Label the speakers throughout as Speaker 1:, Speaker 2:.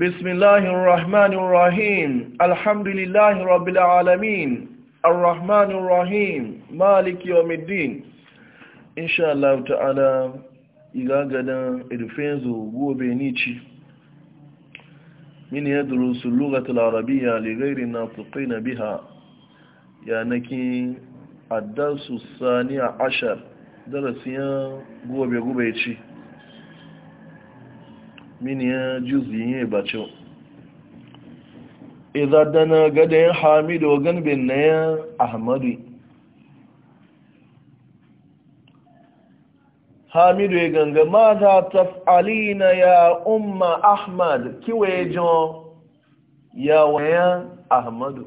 Speaker 1: بسم الله الرحمن الرحيم الحمد لله رب العالمين الرحمن الرحيم مالك يوم الدين ان شاء الله تعالى يغادر ادفنزو غوبينيتشي من يدرس اللغه العربيه لغير الناطقين بها يعني الدرس الثاني عشر درسيا غوبي غوبيتشي mini ya juzi yin bacin idan dana gada yin hamidu wa ganbin na ya ahmadu hamidu ya ganga ma za ta alina ya umma ahmad kiwaye jan ya wayan ahmadu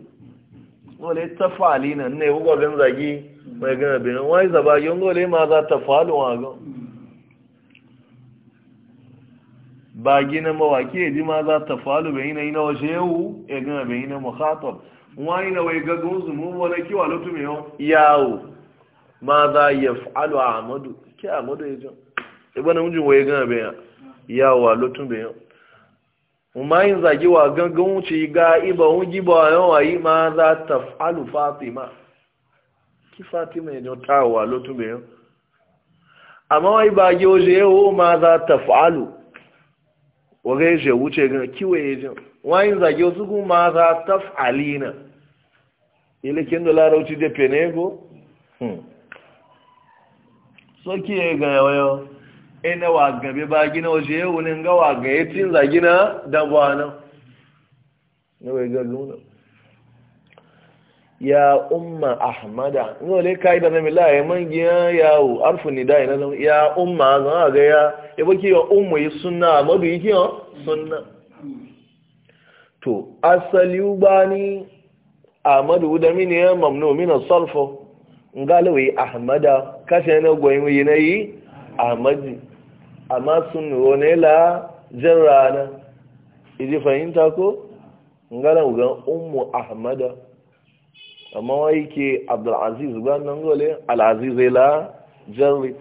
Speaker 1: wale ta falina ne ugobin zagi mai gana benin wani zaba yin gole ma za ta faluwa gan ba gina mawaki ya ji ma za ta falu bai na ina waje yau ya gina bai yi na mukhatab wani na wai gagun su mu wani kiwa lutu mai yau yawo ma za ya falu a amadu ki amadu ya ji iba na mujin wai gina bai yawo a lutu mai yau ma yin zage wa gangan wuce ga iba hun giba yawa yi ma za ta falu fatima ki fatima ya ji ta wa lutu mai yau amma wai ba gi waje yau ma za ta falu wagai je wuce gina kiwaye jin wayin zage wasu kuma za ta na ilikin da larauci da penego hmm. soki ya ga yawayo ina e wa gabe ba gina waje yawunin ga wa ga yatin zagina da bwana na wai ga ya umma ahmada no le kai da nabi la man giya ya u arfu nida ina ya umma zan ga ya ya baki ya ummu yi sunna madu yi kiyo sunna to asali ubani amadu da mini ya mamnu min as-sarfu ngalawi ahmada kashe na goyin yi nayi ahmadi amma sunno ne la jarrana idi fahimta ko ngalawi ga ummu ahmada amma wai ke abdulaziz ba nan gole alaziz ila jerry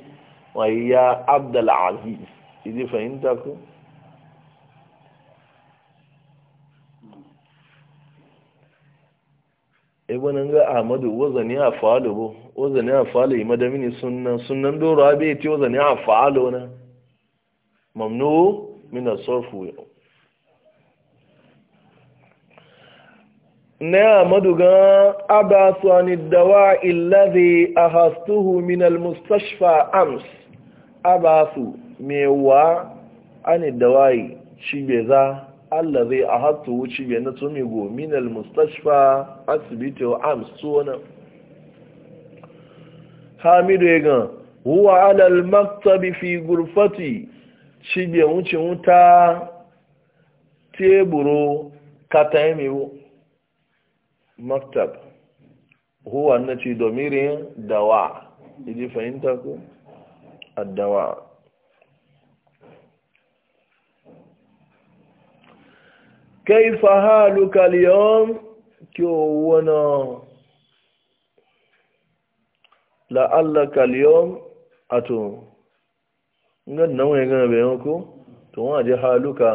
Speaker 1: wai ya abdulaziz idi fahimta ku ebe nan ga ahmadu wazani a falo bo wazani a falo yi madamini sunan sunan doro abe ti wazani a falo na mamnu min asorfu na su abasu dawa illazi a hastuhu minal mustashfa ams abasu mewa shi cibe za allazi a hastuhu cibe na tumigo minal mustashfa asibiti wa ams tuwana hamidu ya gan huwa alal maktabi fi gurfati cibe wuce wuta teburu kata maktab huwa na ci domirin dawa iji fahimta ku addawa kaifa haluka liyom kí o wọ́nà la'allaka liyom ato ngan na wani gana bayan ku to wọ́n aje haluka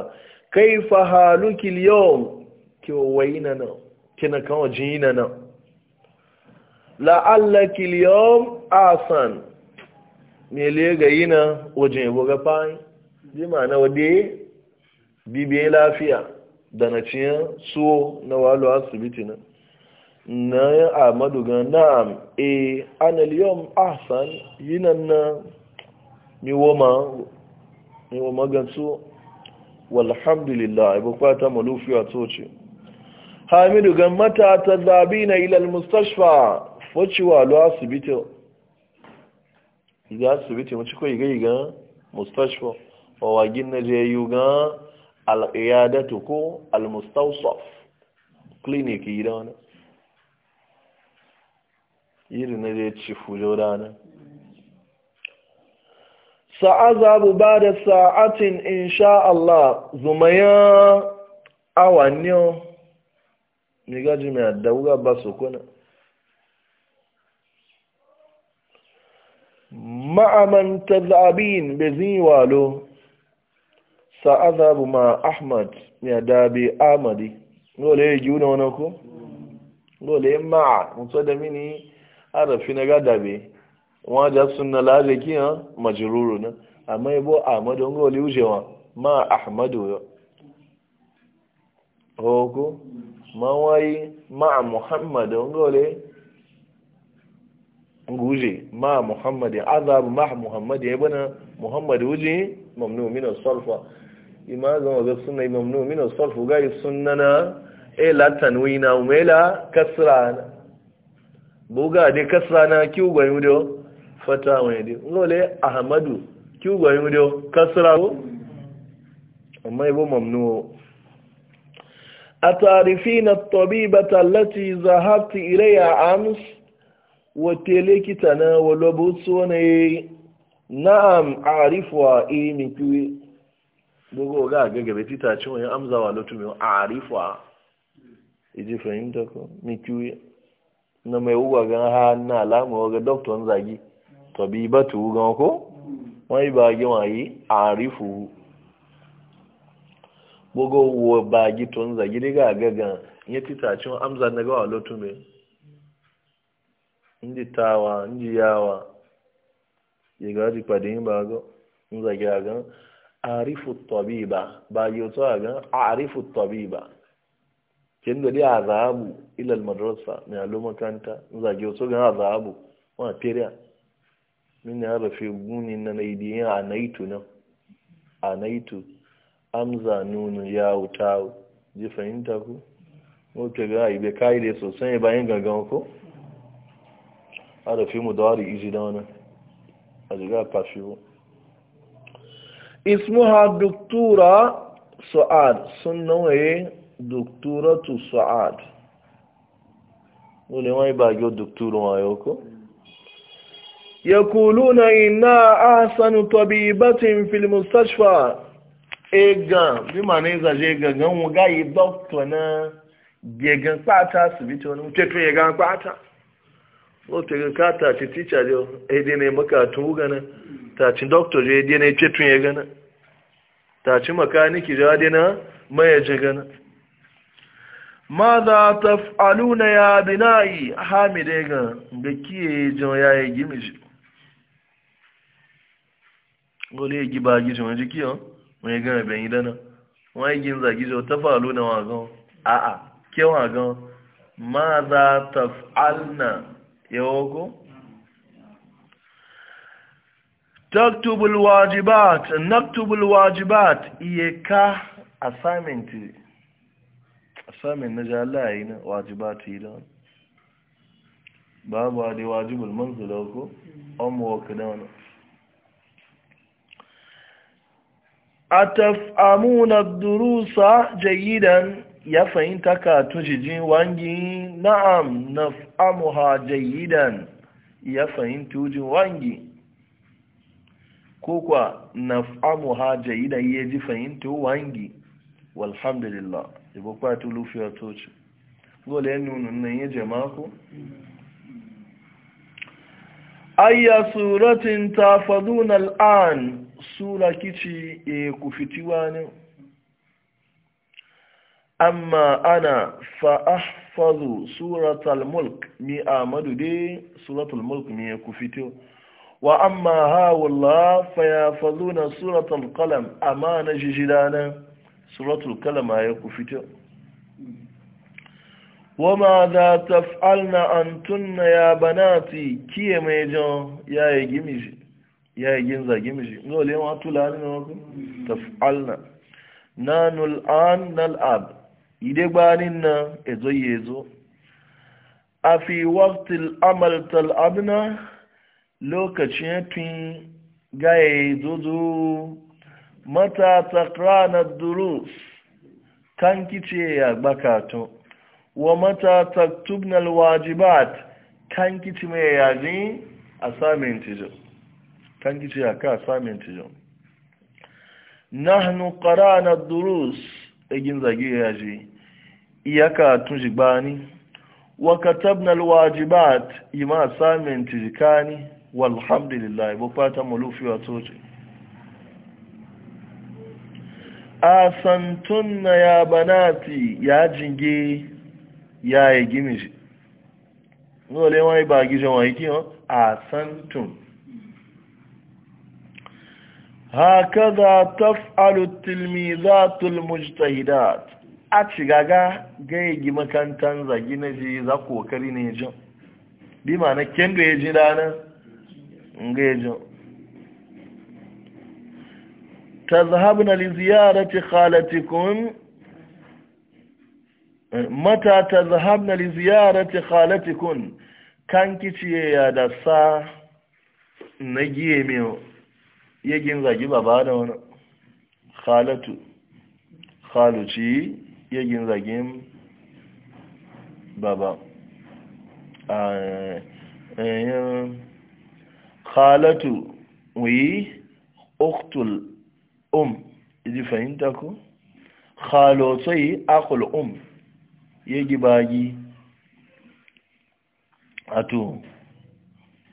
Speaker 1: kaifa haluki liyom kí o wáyí na kina kan waje na nan la'allaki liyom asan mele ga yi na wajen yabo ga fayin ji ma'ana wade bibiyar lafiya da na ciyar suwo na walo asibiti na na yi a maduga na'am e ana liyom asan yi nan na miwoma gansu walhamdulillah ibu kwata malufiya toce hamidu gan matata na ilal mustashfa fociwa lo asibiti iga asibiti mace kawai iga iga mustashfa wawagin na je yi ga al'iyadatu ko al-mustawsaf clinic yi da wani iri na je ci fujo rana sa'azabu ba da sa'atin insha Allah zumaya awanniyo ni gaji mai adawuga ba su kuna ma'amanta tazabin bai zin yi walo sa'azabu ma ahmad ya dabi amadi lola ya giwu na wani ku lola ya ma'a mutu da mini arafi na gadabe wajen suna lariki ya majiruru na amma yabo amadi wani lola ya ma ahmadu ya ko Ma mawayi ma'a muhammad ngole nguje ma'a muhammad azabu ma'a muhammad ya bana muhammad wuje mamnu min as-sarfa ima zan ga sunna mamnu min as-sarf ga na e la tanwina umela kasra buga de kasra na kiu gwa yudo fata wede ngole ahmadu kiu gwa yudo kasra amma ibo mamnu atarifina at-tabibata allati zahabti ilayha ams watelekita na walobutsu ne na'am arifuwa imi kiwe bugu ga gagabe titacin wani amzawa lotumin arifuwa ko na mai uwa gan ha na alamu waga doktor zagi tabibatu gan ko wani ba gi wayi arifu gbogbo wo baagi tó ń zàgí dé gàgà gan ìyẹn títà tí wọn amza nagawa ló tún mi ń di taawa ń di yaawa yìgá ti tobi ba. baago ń zàgí a gan tọ̀bí ibà baagi tó àgán àrífù tọ̀bí ibà kí n dòdí àzàábù ilẹ̀ madrasa ní alómakanta ń zàgí tó a àzàábù wọn àpẹẹrẹ mí guni na gún ní a Naitu na, a Naitu. amza nunu ya wuta ji fahimta ku wata ga ibe ka'ide sosai bayan gangan da fi mu da wari iji da wani a jiga fashi bu ismuha duktura su'ad sun nawaye dukturatu su'ad wani wani ma ya wayo ko ina a sanu tobi في المستشفى egan bí màá ní ìzàjẹ́ gangan wọn gáyé dọ́kítọ̀ náà gẹ̀gàn pátá síbítì wọn mú tẹ́tún yẹ gan pátá ó tẹ̀gẹ̀ káàtà àti tíṣà jọ èdè ní mọ́kà gan dọ́kítọ̀ jọ èdè ní tẹ́tún gan adé náà gan wọ́n gẹ́gẹ́ ẹ̀bẹ̀ yìí dáná wọ́n igi ń zàgíjọ tẹ́fà ló na wọn gan àà kí wọn gan máa za taf alna yẹwọ́ wajibat iye ka assignment assignment na jala yi na wajibat babu adi wajibul manzula atafamuna durusa jayidan ya fahimta ka tujijin wangi na'am naf'amuha jayidan ya fahimta tujin wangi ko kwa naf'amuha jayidan ya ji fahimta wangi walhamdulillah ibo kwa tulufiya toci gole nunun nan ya jama'ku ayya suratin tafaduna al'an sura kici e ku fitiwa ne amma ana fa'ahfazu suratul mulk mi amadu dai suratul mulk mi ku fito wa amma hawalla na suratul qalam amma na jijidana suratul kalama ya ku fito wama za taf'alna antunna ya banati kiye mejo ya yi gimiji ya yi gin zage mishi dole yawan tula ne na wasu taf'alna na nul'an nal'ab ide gbanin na ezo yi ezo a fi waktil amal tal'abna lokacin tun gaya zozo mata takrana durus kan kice ya gbakato wa mata taktubnal wajibat kan kice mai yaji assignment jo kan ya ka samun cijon nahnu qara'na na durus egin zage yaje iyaka tun jibani wa katabna al-wajibat ima assignment jikani walhamdulillah bo fata mulufi wa toje asantunna ya banati ya jinge ya egimiji no le wai ba gijo wai kiyo asantun hakaza taf'alu tilmizatul mujtahidat a cigaga gayyagi makantan zagi na ji za kokari ne jin bi ma na kendo ya ji dana ga ya jin tazhabna li ziyarati khalatikun mata da sa na giye mewa yagin zagi baba da wani halatu khaluci yagin zagin baba a eh, halatu wuyi oktul um idi fahimta ku halotai akul um yagi bagi to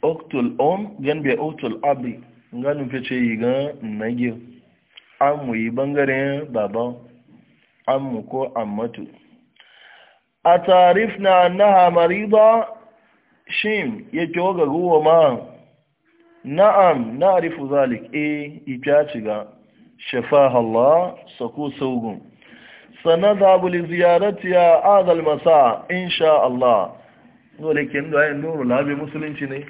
Speaker 1: oktul um gan be oktul abi nga nufe ce yi ga nage an mu yi bangaren baba an mu ko ammatu a tarif na naha shi ya yake waga ruwa ma na'am na arifu zalik e eh, ita ci ga Allah sako saugun sanadhabu li ziyarati a al insha Allah dole kin da yin nuru labi musulunci ne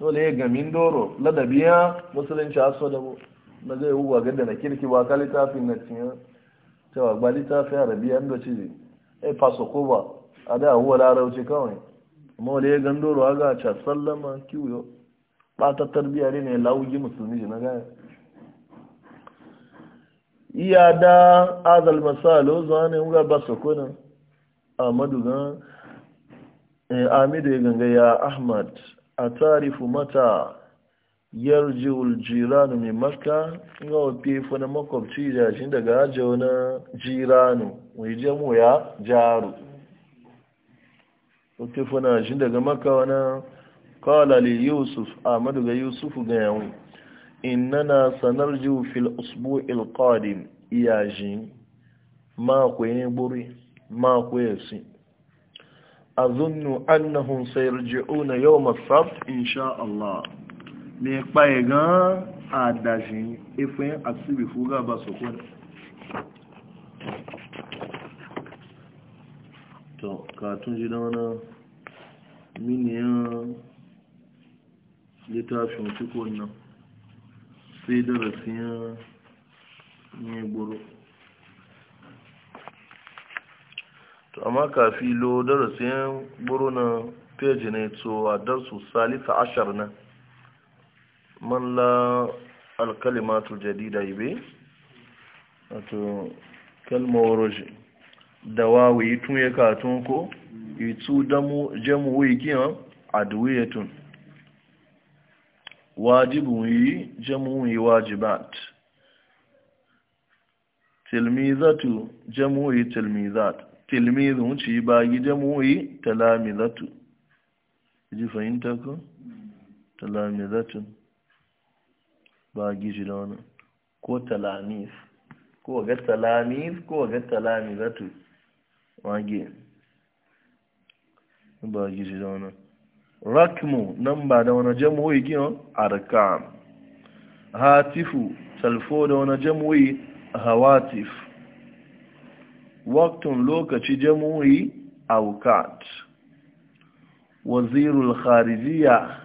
Speaker 1: dole ya gamin doro ladabiya musulunci aso da mu na zai wuwa gada na kirki ba ka littafin na cinya cewa ba littafin arabiya da ci ai e, faso ko ba a da huwa larauci kawai amma wale ya gan doro a ga ca sallama kiwo ba ta tarbiya ne na lawuji musulmi na gaya iya da azal masalo zuwa ne wuga ba kuna amadu gan eh, amidu ya ganga ya ahmad a tarifu mata yarjiul jiranu min makka ga wafe fana makwabci jashin daga ajiyo na jiranu mai jamu ya jaru wafe fana shi daga makka wani kawala li yusuf ahmadu ga yusuf ga yawon sanar sanarjiu fil usbu ilqadim iyajin ma ne buri ma kwaye sin azunnu annahum sayarji'una yau as-sabt insha Allah me paye gan adajin efin asibi fuga ba sokon to ka ji da miniyan littafin cikon nan sai darasin ya gburu to amma kafi lo darasin buru na peji ne to a darsu salisa ashar na man la alkalimatu jadida ibe wato kalmawaroshi da wawi tun ya tun ko itu damu jamu wiki tun wajibun yi jamu yi wajibat tilmizatu jamu yi tilmizat tilmizun ci ba gije muyi talamizatu ji fahimta ko talamizatun ba gije da wani ko talamiz ko ga talamiz ko ga talamizatu wage ba gije da wani rakmu nan ba da wani jamuhi giyon arkam hatifu salfo da wani jamuhi hawatif waktun lokaci jamhuri aukat wazirul kharijiya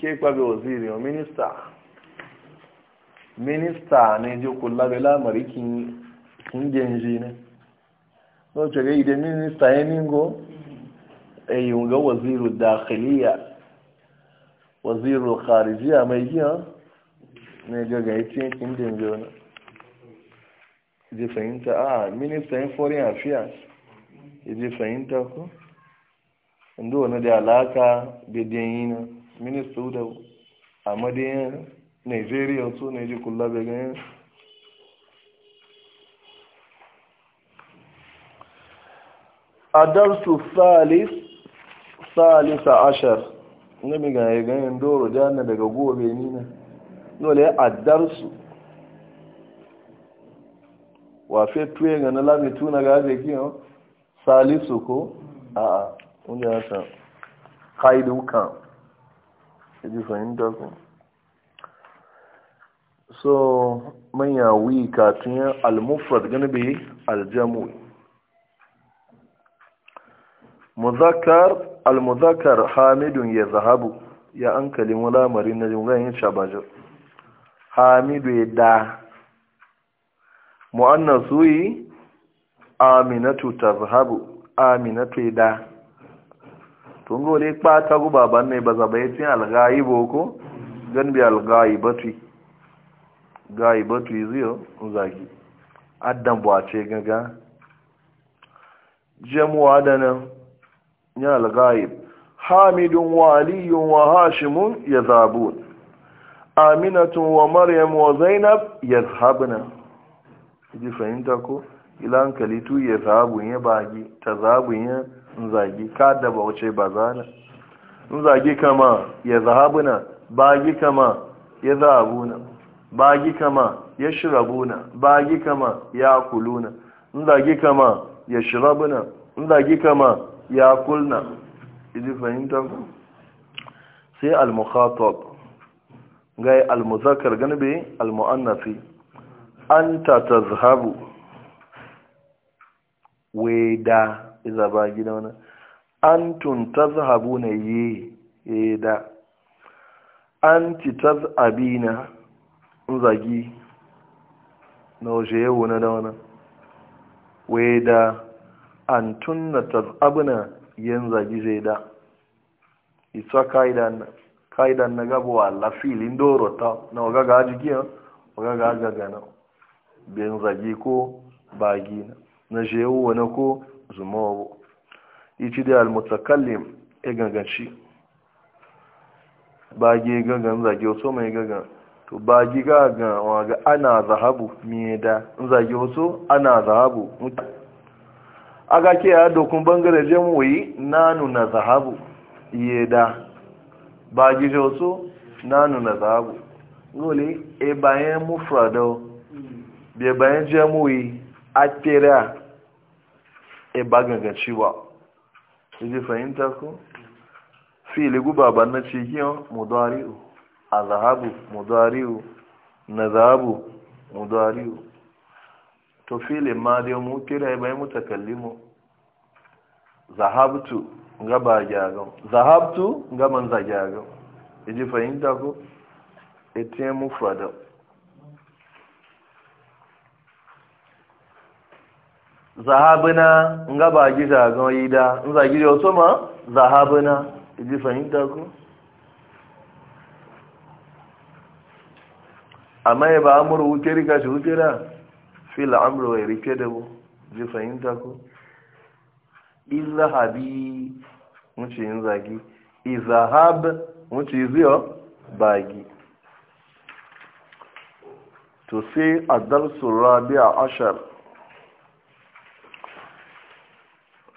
Speaker 1: ke kwabe waziri o minista minista ne ji kula da bela marikin kungenji ne lokacin ga idan minista ya ningo a e yi ga waziru dakhiliya waziru kharijiya mai giya ne ga gaitin kungenji wani je fahimta a ministan foreign affairs je fahimta ku inda wani da alaka da yi na ministan da a madiyan nigeria su ne ji kula begayen الدرس الثالث ثالث عشر نمي غايغان دورو جانا دغه غوبه نينا نولي الدرس wafe tuye ga na lami tuna ga aje kiyo oh? salisu ko a a wanda ya san kaidu kan ji fahimta ku so manya wi katun ya al-mufrad gani bi al-jamu muzakkar al hamidun ya zahabu ya an kalin lamarin na jin ganin shabajo hamidu ya da mu'annas yi aminatu tazhabu aminatu da tun gole kpata gu baban ne ba zaba yatin alghaibo ko gan bi alghaibatu ghaibatu ziyo zaki addan bo ace gaga jamu adana ya alghaib hamidun wa aliyun wa hashimun yazabun aminatun wa maryam wa zainab yazhabna ji fahimta ko ila hankali tuye zahabun ya bagi ta zahabun ya zagi ka da ba wace ba zana in kama ya zahabuna bagi kama ya zahabuna bagi kama ya shirabuna bagi kama ya kuluna in kama ya shirabuna in kama ya kulna ji fahimta ko sai al-mukhatab gai al-muzakkar ganbe al-muannafi anta tazhabu weda iza ba gida wani antun tazhabu na yi da anti na zagi na waje yau na da wani weda antun na na yin zagi zai da ita ka'idan na ka'idan na gabuwa lafilin doro ta na waga ga ajiyar waga ga bin zagi ko bagi na jewu wani ko zumawo ichi da almutakallim e ganganci bagi e gangan zagi wasu mai e gangan to bagi gangan waga ana zahabu miye da zagi wasu ana zahabu aga ke ya dokun bangare jamwoyi nanu na zahabu iye da bagi wasu nanu na zahabu gole e bayan mufradau bai bayan jamuyi a kera e ba ganganci ba ji fahimta ko fili guba ba na cikin mudari'u a zahabu mudari'u na zahabu mudari'u to filin ma dai mu kira e bayan mutakallimu zahabtu ga ba gyagan zahabtu ga man za gyagan ji fahimta ko etiyan mufradau zahabina nga ba gida ga yida in za gida wato na zahabina ji fahimta ko amma ya ba amuru wuce rika shi wuce da fil amuru ya rike da bu ji fahimta i izahabi wuce yin zagi izahab wuce ziyo gi. to sai a darsu rabia ashar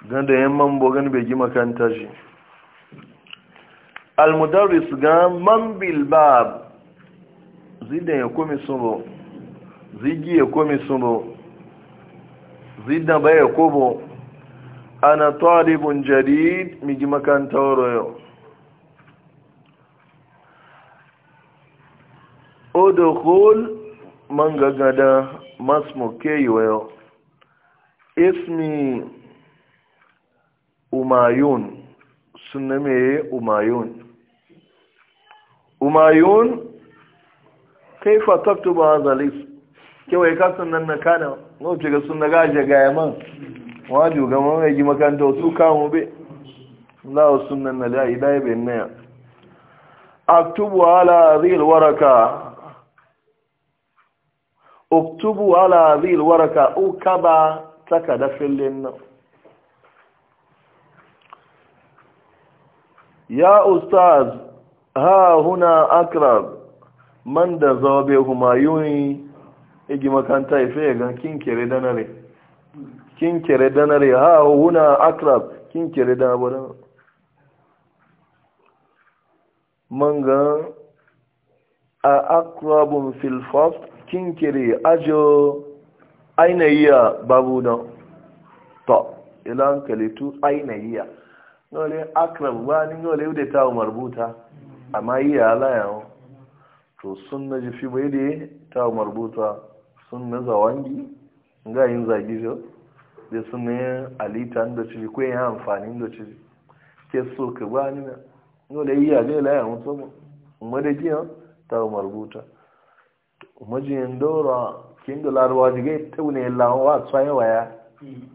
Speaker 1: ganda yamman bogan bai gima kanta shi almudarris ga man bilbab zidan ya komi suro zigi ya komi suro zidan bai ya kobo ana talibun jadid mi gima kanta yau hol man gagada masmo ke yi wayo ismi umayun suna mai umayun umayun kai fataktu ba zalis kewai kasan nan na kana wace ga suna gaje gaya man waju ga mamaye ji makanta su kamo be lawa suna na da'i da'i bai naya aktubu ala zil waraka aktubu ala zil waraka ukaba takada filin nan ya ustaz ha huna akrab man da zaube humayuni igi makanta ife ga kinkere danare kinkere danare ha huna akrab kinkere danare bodan manga a akrabun filfaf kinkere ajo ainihiya babu don to ilan kalitu ainihiya nole akram ba ni nole da ta marbuta amma yi ya layan to sun ji jifi bai da ta marbuta na zawangi ga yin zagi jo da sunna alita da ci ko yin amfani da ci ke so ka ba ni na nole yi ya ga layan mutum umma da ji ta marbuta buta. ji ndora kin da larwa ji ga taune lawa tsayawa ya hmm.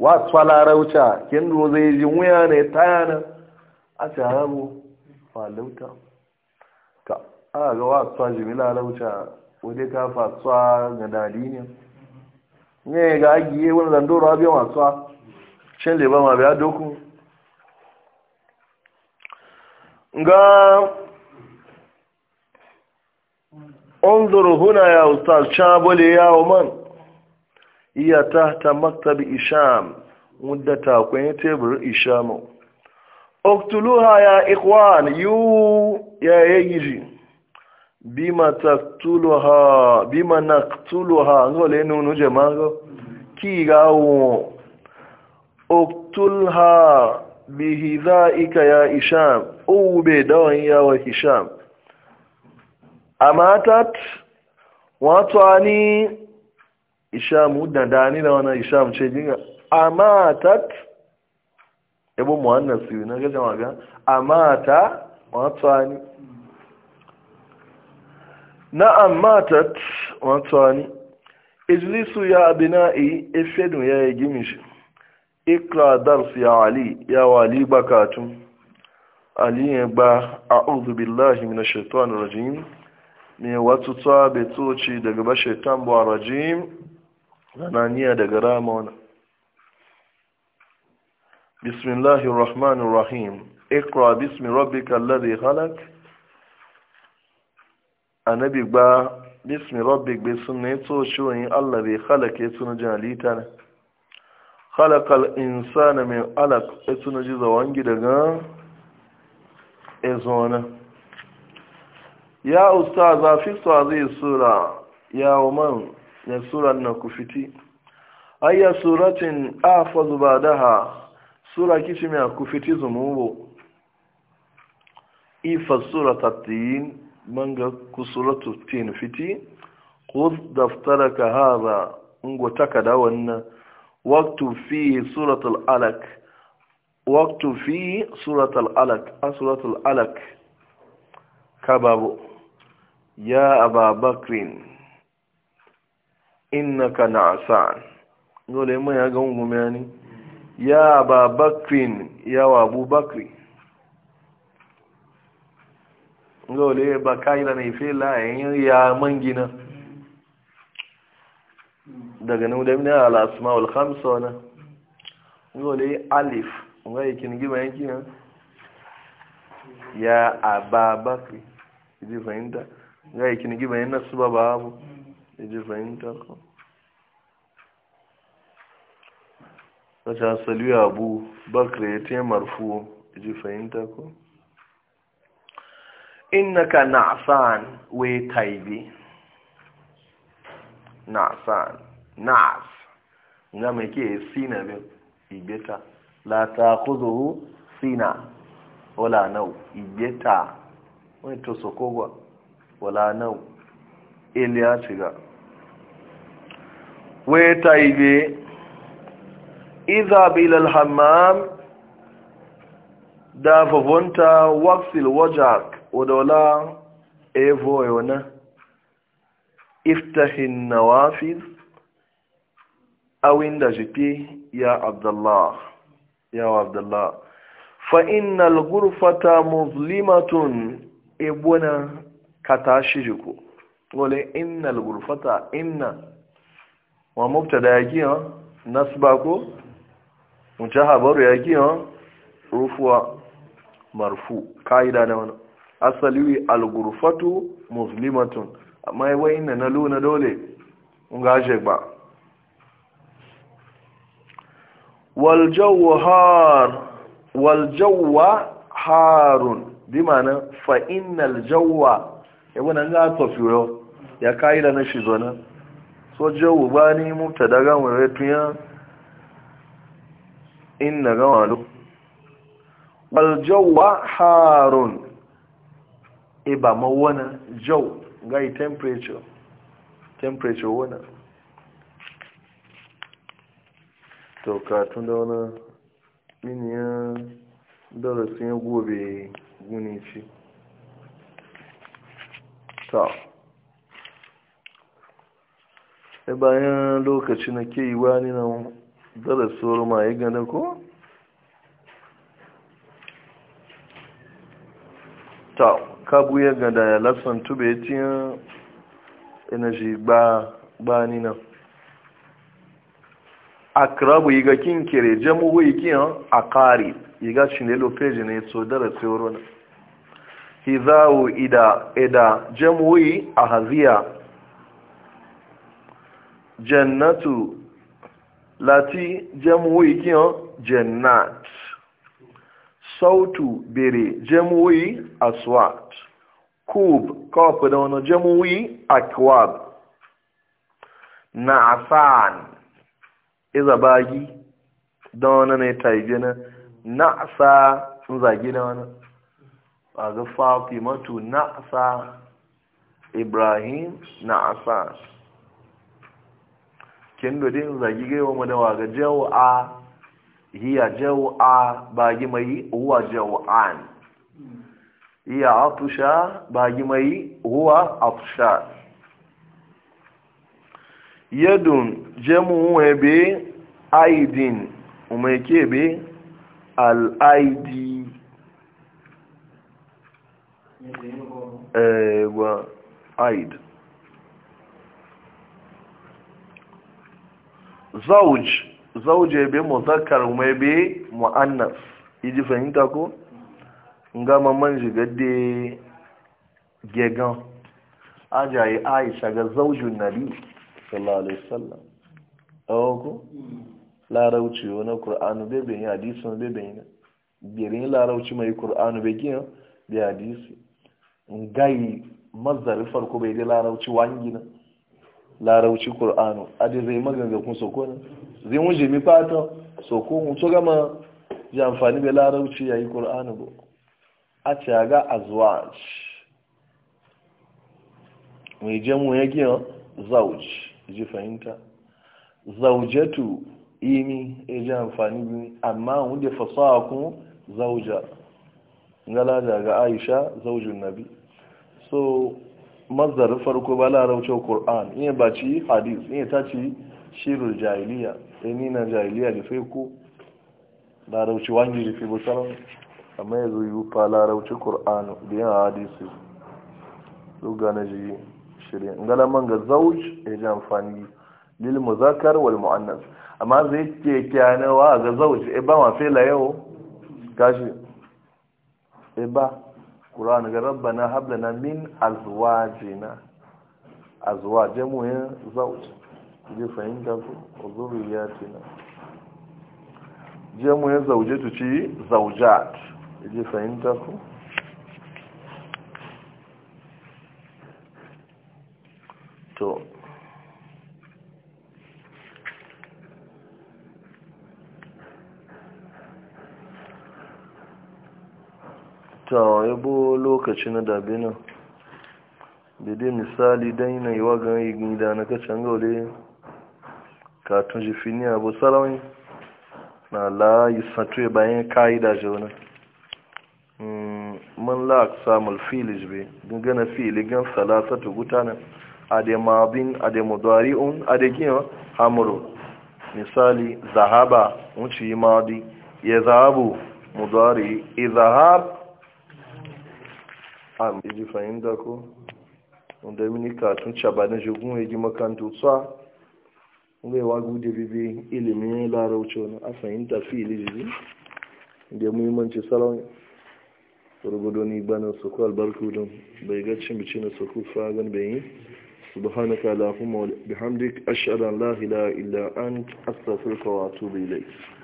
Speaker 1: wasu larauca kin do zai ji wuya ne ta yana a shahabu falauta ta a ga wasu jimi larauca wadda ka fasuwa ga dadi ne ne ga agiye wani zandoro abin wasuwa cin liba ma biya doku ga onzuru huna ya ustaz chabole ya man iya tahta maktabi isham muddata kwenye tebur ishamu uktuluha ya ikhwan yu ya yeji bima taktuluha bima naktuluha ngole nunu jamango kigawo uktulha bihidhaika ya isham ube dawan ya wa isham amatat watani ishamu da dani na wani ishamu ce dinga amatat ibu muhannas yi na gajen waga amata watsani na amatat watsani ijlisu ya abina'i efedu ya yi gimishi ikra dars ya ali ya wali bakatun ali ya ba a'udhu billahi minash shaitanir rajim me watuta betoci daga bashaitan bu rajim ananiya daga rama wani bismillahir rahmanir rahim ikra bismi rabbikal ladhi khalaq anabi gba bismi rabbik bi sunna to shoyin allah bi khalaq jalita khalaqal insana min alaq yatun jizawangi daga ezona ya ustaz afi sura ya man ya sura na kufiti ayya suratin afazu ha sura kici mai kufiti zumubo ifa surata tattiyin manga ku suratu tin fiti ka haza hadha ngo da wannan waktu fi suratul alaq waktu fi suratul alaq suratul ka babu ya ababakrin innaka na'san dole mun ya ga gumiya ne ya ba ya wa dole ba kaila ne fe la ya mangina daga nan da mun ala asmaul khamsa dole alif ngai kin gima yanki ya ababakri idi fahimta ngai kin gima yan nasu babu idi fahimta ko sace asali abu bakre ya te marfu ji fahimta ko innaka na'san we taibi na'san na'as nga me ke sina be ibeta la ta ta'khuzuhu sina wala nau ibeta wani to sokogwa wala nau ele ya shiga we taibi iza bilal hammam da favonta waksil wajak wadola evo yana iftahin nawafiz awin da jifi ya abdullah ya abdullah fa innal gurfata muzlimatun ebona katashiriku wale innal gurfata inna wa mubtada yakiya nasba ko ci habaru ya giya rufuwa marfu ka'ida na wani asali al-gurfatu muslimatun amma yawai na na luna dole ngashe ba waljawa harun bi mana fa'inal jawa yawon ga tafiyo ya ka'ida na shi na so jawo ba ni mu daga wani tun inna gawalu wal jawwa harun iba mawana jaw gai temperature temperature wana to ka tun da wani miniya darasin ya gobe guni ce ta bayan lokaci na ke yi wani na zara soro ma ya gane ko? ta kabu ya gada ya lasan tube tiyan energy ba ba nina nan akrabu yi ga kinkire jamuhu yi kiyan akari yi ga shi ne peji ne so dara soro na hizawu ida ida jamuhu yi a haziya jannatu lati jamwoyi kiyan jannat sautu bere jamwoyi aswat kub kọpụ da ọnụ jamwoyi akwab na asan izabagi da wani na taibe na na'asa sun na ọnụ wani a ga fafi matu na'asa ibrahim na'asa kendo din zagi gaiwa mu da waga jaw'a hiya jaw'a bagi mai huwa jaw'an hiya atusha bagi mai huwa atusha yadun jamu webe aidin umaike be al-aidi eh wa aid zauj zauje be muzakkar mai be mu'annas iji fahimta ko ngama man shiga de gegan ajaye aisha ga zaujun nabi sallallahu alaihi wasallam awo ko larauci wani qur'anu be be hadisin be be birin larauci mai Kur'anu bai gina be hadisi ngai mazari farko bai da larauci wangina larauci ƙur'anu a da zai maganga kun soko ne zai mun jimi fata soko mun to gama ji amfani da larauci ya yi ƙur'anu ba a ce a ga azwaj mai jamu ya giya zauj ji fahimta zaujatu imi ya ji amfani biyu amma wanda fasaha kun zauja ngala daga aisha zaujin nabi so mazar farko ba larabcin ƙoran iya ba ci hadis iya ta ci shirin jahiliya sai nina jahiliya da fai ko larabci wangi da fi busarar amma ya zo yi fa larabci ƙoran da yin hadisi luga na ji shirin galaman ga zauj ya ji amfani lil muzakar wal mu'annas amma zai ke kyanawa ga zauj e ba ma fela yau kashi e ba ƙuran ga rabbana hablana min azwajina azwaje mu yin zauce je fahimta ku zuriyatina je mu yin zauje tu ci zaujat je fahimta ku to ta yabo lokaci na da dai misali don yi na yi wagon yi da na kacan gaule katon jifini abu hmm, sarawin na layi satuwe bayan kayi da jauna mun la'ak samun filis be gangana fili gan salasatu gutana ademabin ademudari'un adegiyar hamuru misali zahaba wuce yi ma'adi ya zahabu mudari izahab am ji fahimta ko wanda mini katun caba na jigun ya gi makantu tsa ngai wa gude bibi ilimin larauci wani a fahimta fili jibi da muhimmanci salon rubudu ni bana su ku albarku don bai ga cin bici na su ku bai yi subhanaka allahumma bihamdik ashhadu an la ilaha illa ant astaghfiruka wa bai ilayk